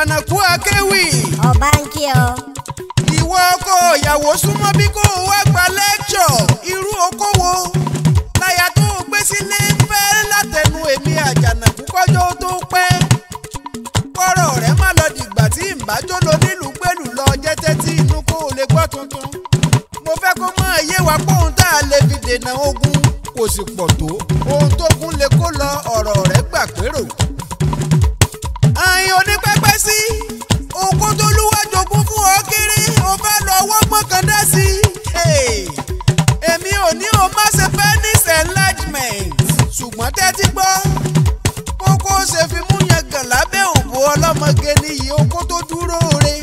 àjànàkú akéwì. ọba ń kí ọ. ìwọ ọkọ ìyàwó súnmọ́ bí kò wá gba lẹ́kṣọ̀ irú okòwò láyà tó gbé sílé fẹ́ látẹnu èmi àjànàkú kọjọ́ tó pẹ́. kọ́rọ̀ rẹ̀ má lọ dìgbà tí ìbájọ́ lọ nílùú pẹ̀lú lọ jẹ́ tẹ́tí inú kó o lè gbọ́ tuntun. mo fẹ́ kó mọ iye wa pọ́n tá a lè fi dènà ogun kò sì pọ̀ tó. tẹ́tí gbọ́ kókó ṣe fi mú yẹn gàn lábẹ́ òbò ọlọ́mọge níyì okó tó dúró re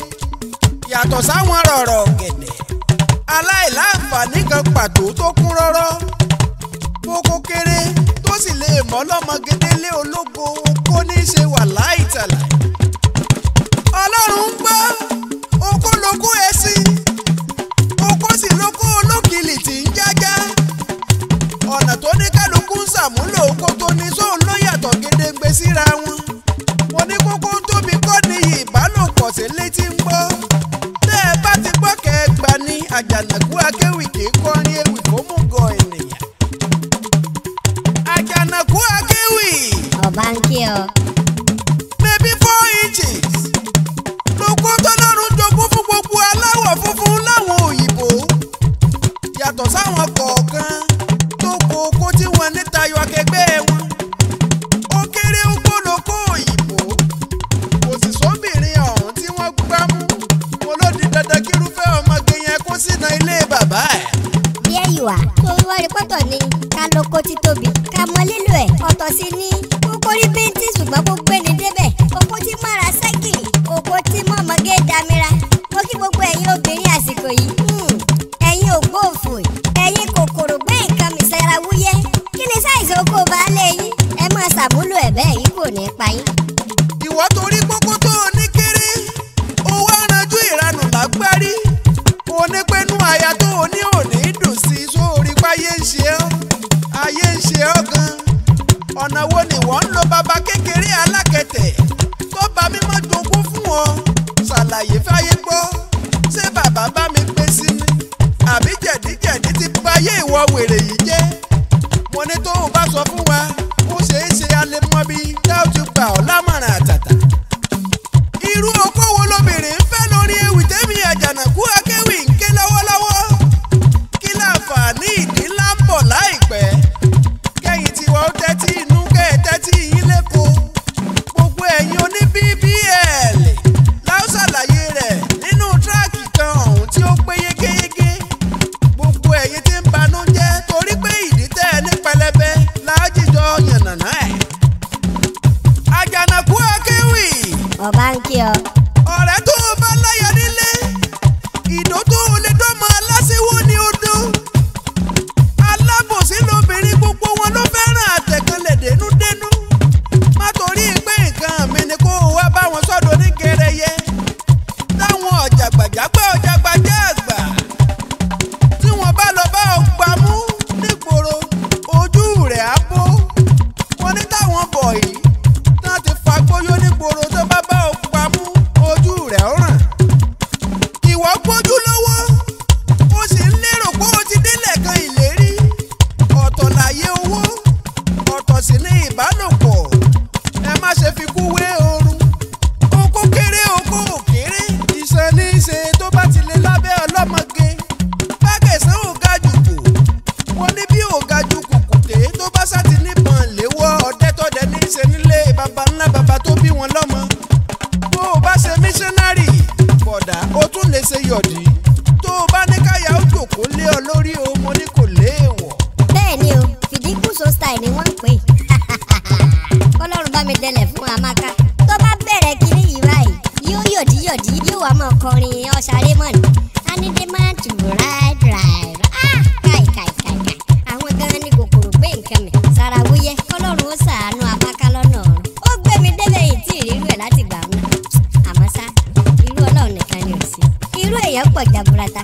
yàtọ̀ sáwọn rọ̀rọ̀ gẹ̀dẹ̀ aláìláǹfààní kan pàtó tó kún rọ́rọ́ kókó kéré tó sì lè mọ́ lọ́mọge délé ológo okó ní í ṣe wà láìtàlàyé. ṣàmúlò kótó ní sóun ló yàtọ̀ gédéǹgbé síra wọn. mo ní kókó tóbi kọ́ ni ìbálòpọ̀ sí létí ń gbọ́. tẹ́ ẹ bá ti gbọ́ kẹgbà ni àjànàkú akéwì kì í kọrin ewì fómùgọ̀ ènìyàn. àjànàkú akéwì. ọba ń kí ọ. bébí four inches ló kó tọ́lọ́run jogún fún gbogbo aláwọ̀ funfun láwọn òyìnbó yàtọ̀ sáwọn bàbá ẹ̀. bí ẹ yìí wá mo wá rí pọ́tọ̀ ni ká lóko títóbi ká mọ lílo ẹ̀ ọ̀tọ̀ sí ni kókó rí bíntín ṣùgbọ́n kó gbé ni débẹ̀ kókó tí mọ́ra sẹ́kìlì kókó tí mọ́mọ́gé damira mo kí gbogbo ẹ̀yin obìnrin àsìkò yìí hmm, ẹ̀yin ògbóòfò ẹ̀yin kòkòrò gbé nǹkan mìsára wúyẹ́ kí ni sáìsì oko baálé yín ẹ máa ṣàmúlò ẹ̀ bẹ́ẹ̀ yìí kò ní pa yín. ọ̀nà wo ni wọ́n ń lo baba kékeré alákẹ̀tẹ̀ tó ba mímọ́ jogún fún ọ ṣàlàyé fáyé gbọ́ ṣé baba bá mi pé sí mi àbí jẹ̀díjẹ̀dí ti báyé ìwọ wèrè yìí jẹ́ mo ní tóun bá sọ fún wa ó ṣeé ṣe a lè mọ bí dáhùn ti gbà ọ́ lámọ̀ràn àtàtà. àwọn bọ̀ yìí náà ti fagbóyó nígboro náà. lé ọ lórí o mo ní kò léèwọ̀. E bẹ́ẹ̀ ni o fìdíkùsọ style ni wọ́n ń pè ọlọ́run bá mi dẹlẹ̀ fún amaka tó bá bẹ̀rẹ̀ kiri yìí báyìí yóò yòdì yòdì yóò wá mọ̀ kọrin ọ̀sàrẹ́ mọ̀ ni anide máa tù ráì ráì ah! káì káì káì káì àwọn gan ni kòkòrò gbé nǹkan mi sara wúyẹ ọlọ́run ó ṣàánú amaka lọ́nà ọ̀run ó gbé mi débẹ̀ yìí tí ìrírú ẹ̀ láti gbà mú àmọ́ ṣá irú ọlọ́run nìkan ni ò sí irú èèyàn pọ̀ jaburata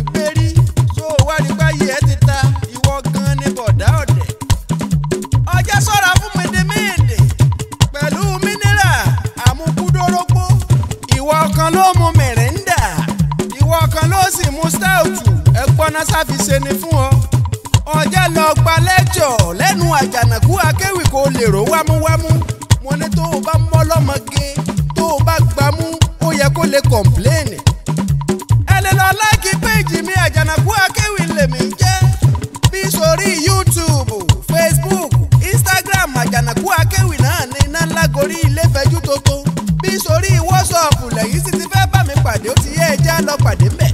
pọnà sáfiṣe ni fún ọ ọjẹ́ lọ gba lẹ́jọ̀ lẹ́nu àjànàkú akéwì kò lè ró wámúwámú mo ní tó o bá mọ́ lọ́mọge tó o bá gbámú ó yẹ kó lè kọ̀m̀pléènì. ẹ lè lọ láìkí péjì mi àjànàkú akéwì lèmi jẹ́ bí sórí YouTube Facebook Instagram àjànàkú akéwì náà ní iná lágorí ilé fẹjú tótó bí sórí WhatsApp lẹ́yìn sì ti fẹ́ bá mi pàdé ó ti yẹ ẹ lọ pàdé mẹ́.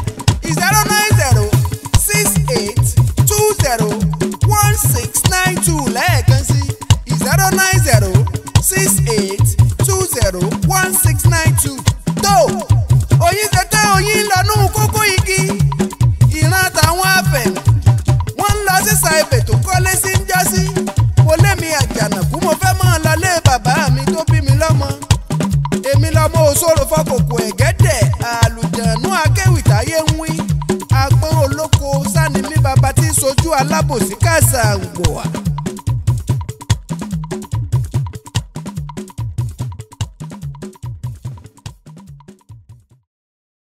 six eight two zero one six nine two tó oyin tẹ́tẹ́ oyin lọ́nù kókó igi ìran táwọn afẹ́ wọ́n ń lọ sísà ibẹ̀ tó kọ́lé sí ń jásí mo lémi àjànàkú mo fẹ́ máa lọ lé bàbá mi tó bí mi lọ́mọ èmi lọ́mọ òṣòro fọkòkò ẹ̀gẹ́dẹ̀ àlùjànnú akéwì táyé ń wí agbọ́n olóko sani mi bàbá tí sojú alábòsí kàṣà ń gbòà.